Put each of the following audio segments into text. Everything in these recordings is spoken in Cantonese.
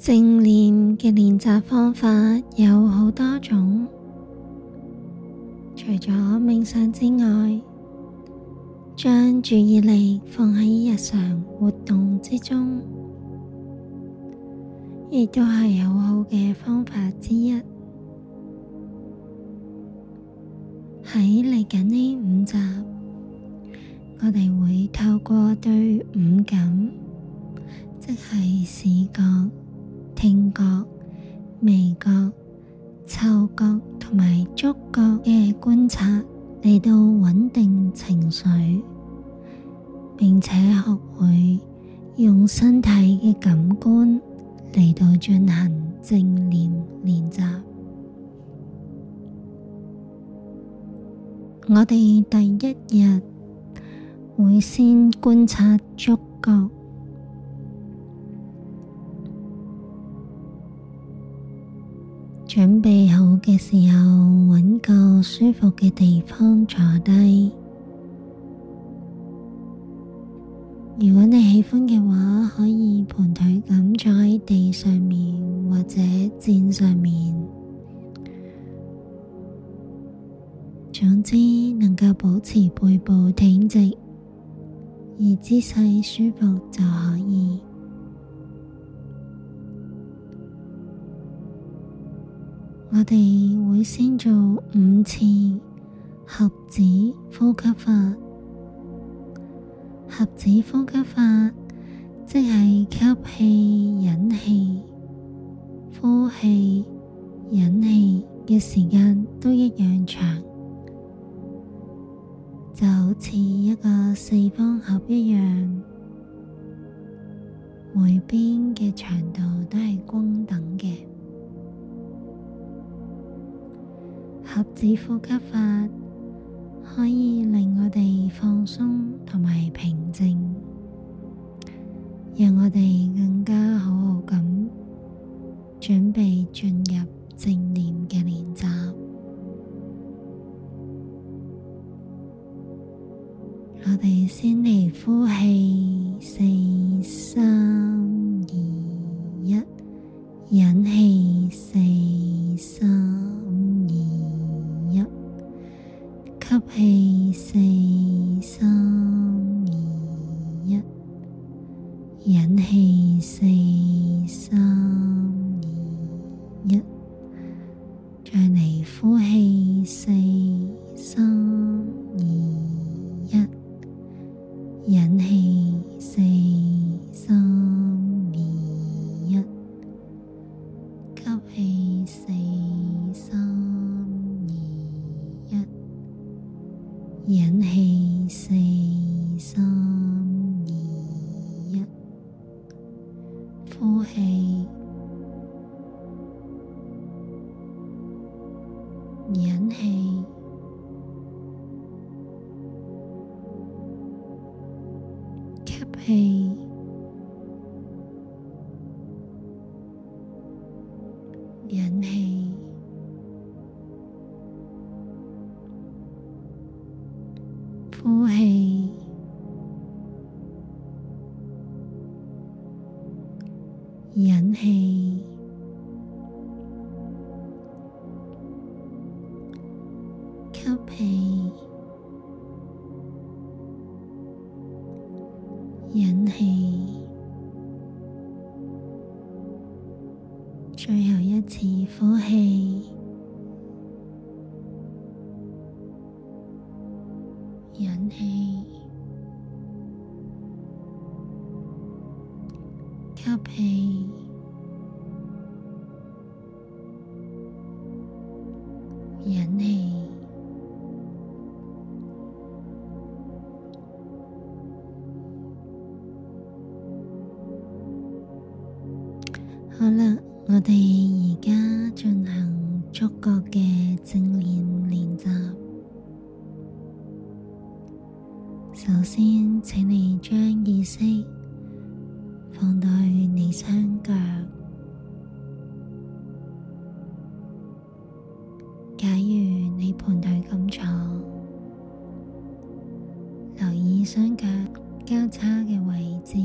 正念嘅練習方法有好多種，除咗冥想之外，將注意力放喺日常活動之中，亦都係有好嘅方法之一。喺嚟緊呢五集，我哋會透過對五感，即係視覺。聽覺、味覺、嗅覺同埋觸覺嘅觀察嚟到穩定情緒，並且學會用身體嘅感官嚟到進行正念練習。我哋第一日會先觀察觸覺。準備好嘅時候，揾個舒服嘅地方坐低。如果你喜歡嘅話，可以盤腿咁坐喺地上面或者墊上面。總之，能夠保持背部挺直而姿勢舒服就可以。我哋會先做五次盒子呼吸法，盒子呼吸法即係吸氣、引氣、呼氣、引氣嘅時間都一樣長，就好似一個四方盒一樣，每邊嘅長度都係均等嘅。盒子呼吸法可以令我哋放鬆同埋平靜，讓我哋更加好好咁準備進入正念嘅練習。我哋先嚟呼氣，四、三、二、一，忍氣。吸氣四三二一，引氣四三。忍氣。引起好啦，我哋而家進行觸覺嘅。假如你盤腿咁坐，留意雙腳交叉嘅位置，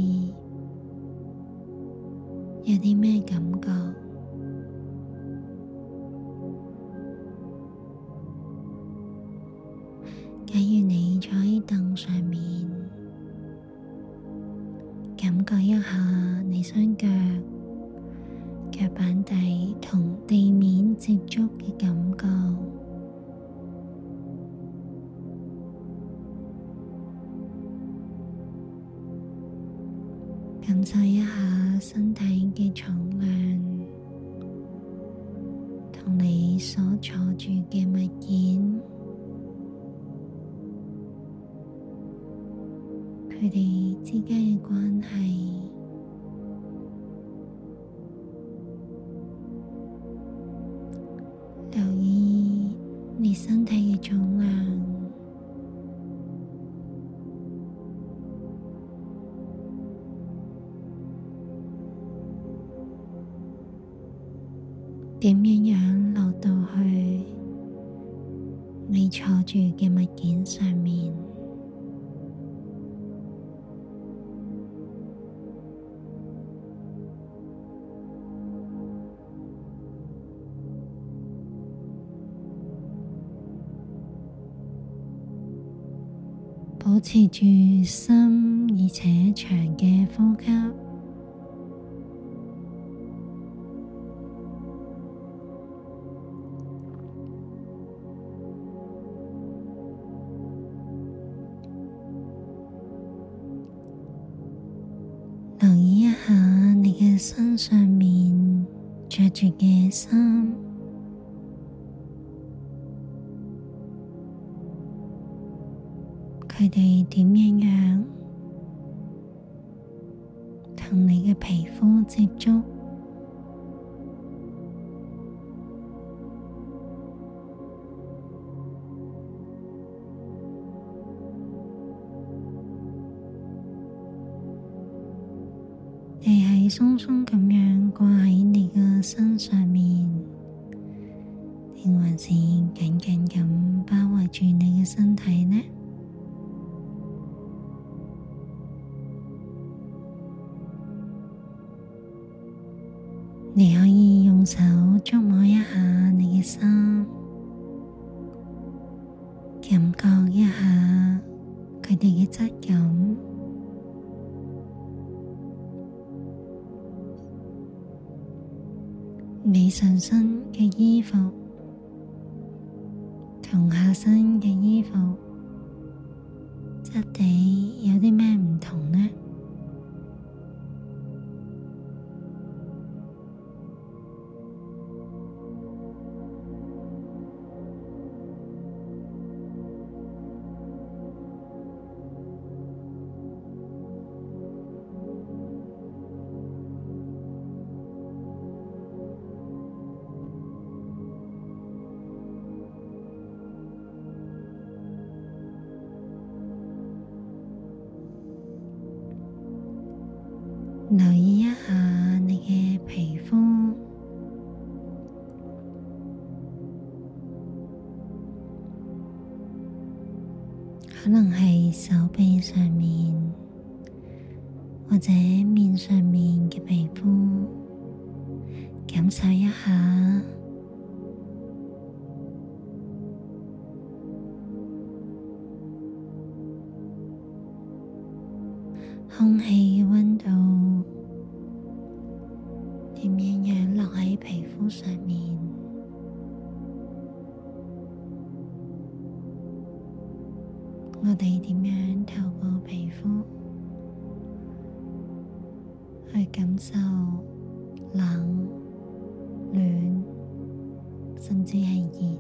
有啲咩感覺？感受一下身體嘅重量，同你所坐住嘅物件，佢哋之間嘅關係。點樣樣落到去你坐住嘅物件上面，保持住深而且長嘅呼吸。身上面着住嘅衫，佢哋點樣樣同你嘅皮膚接觸？鬆鬆咁樣掛喺你嘅身上面，定還是緊緊咁包圍住你嘅身體呢？你可以用手觸摸一下你嘅心，感覺一下佢哋嘅質感。你上身嘅衣服同下身嘅衣服質地有啲咩唔同？係手臂上面或者面上面嘅皮膚，感受一下空氣。去感受冷、暖，甚至係熱，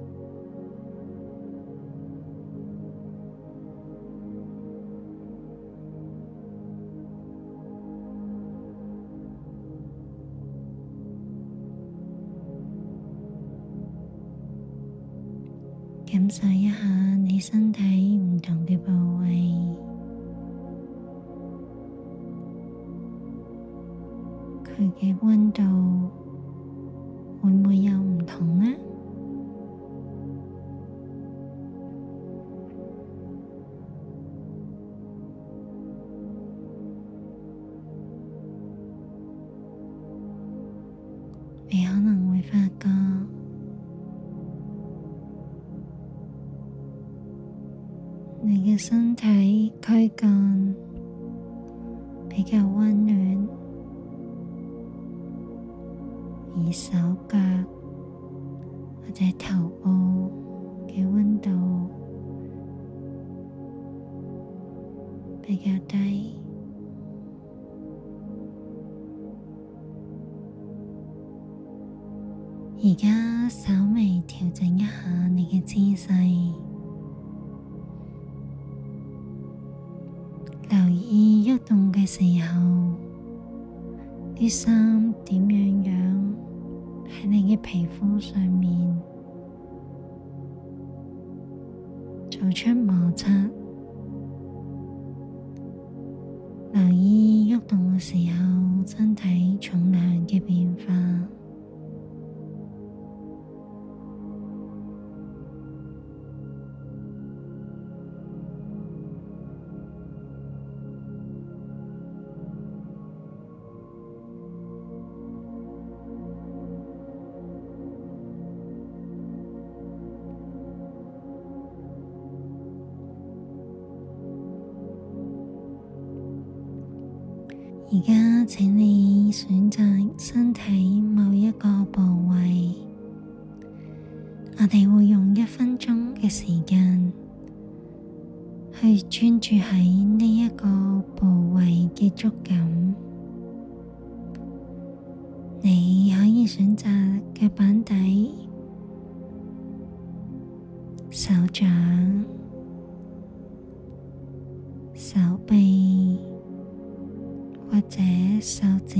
感受一下你身體唔同嘅部位。你嘅溫度會唔會有唔同呢，啊？在跳舞。做出摩擦，留意喐動嘅時候，身體重量嘅變化。而家請你選擇身體某一個部位，我哋會用一分鐘嘅時間去專注喺呢一個部位嘅觸感。你可以選擇腳板底、手掌、手臂。這手指，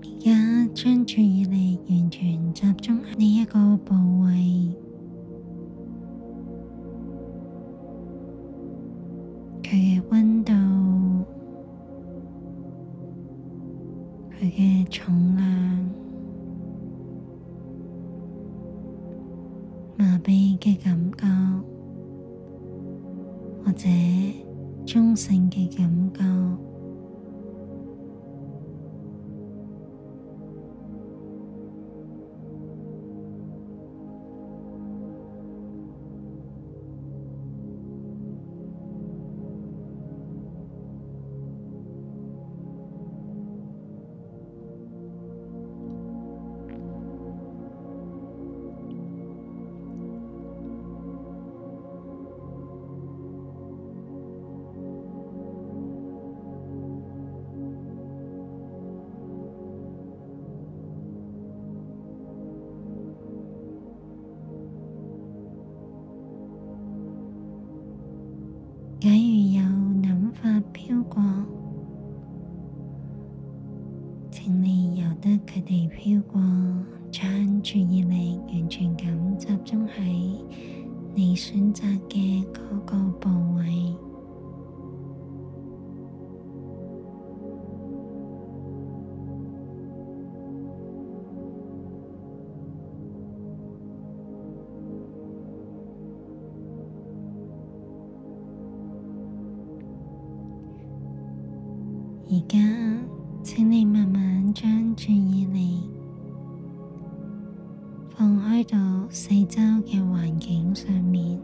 而家將注意力完全集中喺呢一個部位，佢嘅溫度，佢嘅重。這中性嘅感覺。而家，請你慢慢將注意力放開到四周嘅環境上面。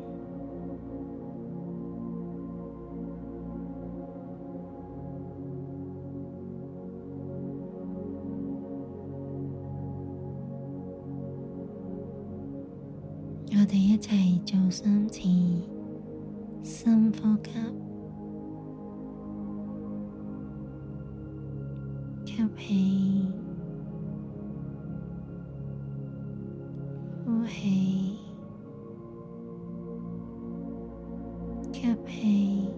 我哋一齊做三次深呼吸。呼氣，呼氣，吸氣，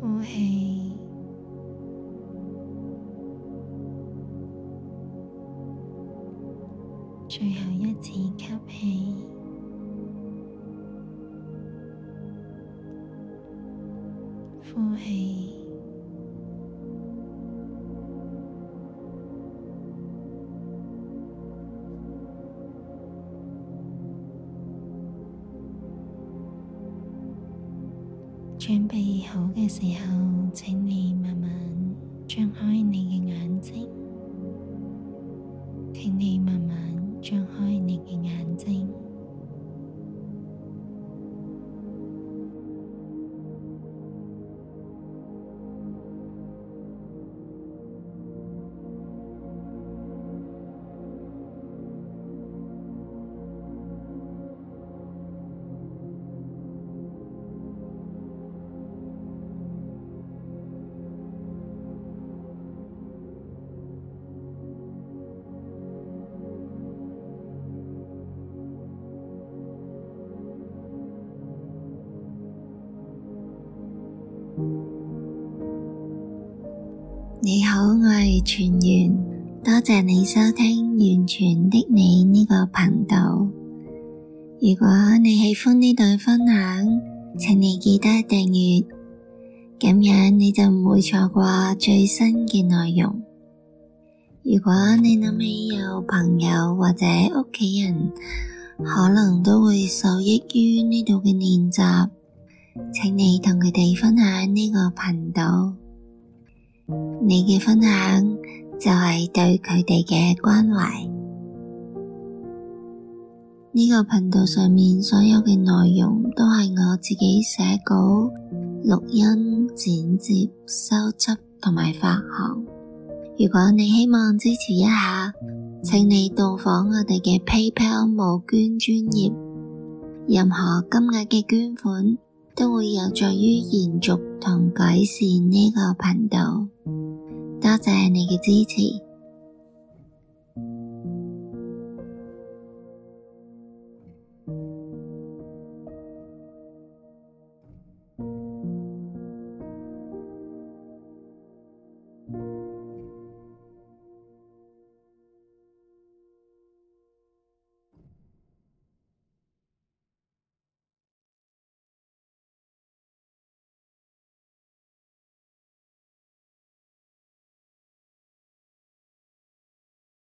呼氣，最後一次吸氣。呼氣，準備好嘅時候，請你慢慢張開。你好，我係全員，多謝你收聽完全的你呢個頻道。如果你喜歡呢段分享，請你記得訂閱，咁樣你就唔會錯過最新嘅內容。如果你諗起有朋友或者屋企人，可能都會受益於呢度嘅練習。請你同佢哋分享呢個頻道，你嘅分享就係對佢哋嘅關懷。呢個頻道上面所有嘅內容都係我自己寫稿、錄音、剪接、收集同埋發行。如果你希望支持一下，請你到訪我哋嘅 PayPal 募捐專頁，任何金額嘅捐款。都會有助於延續同改善呢個頻道，多謝你嘅支持。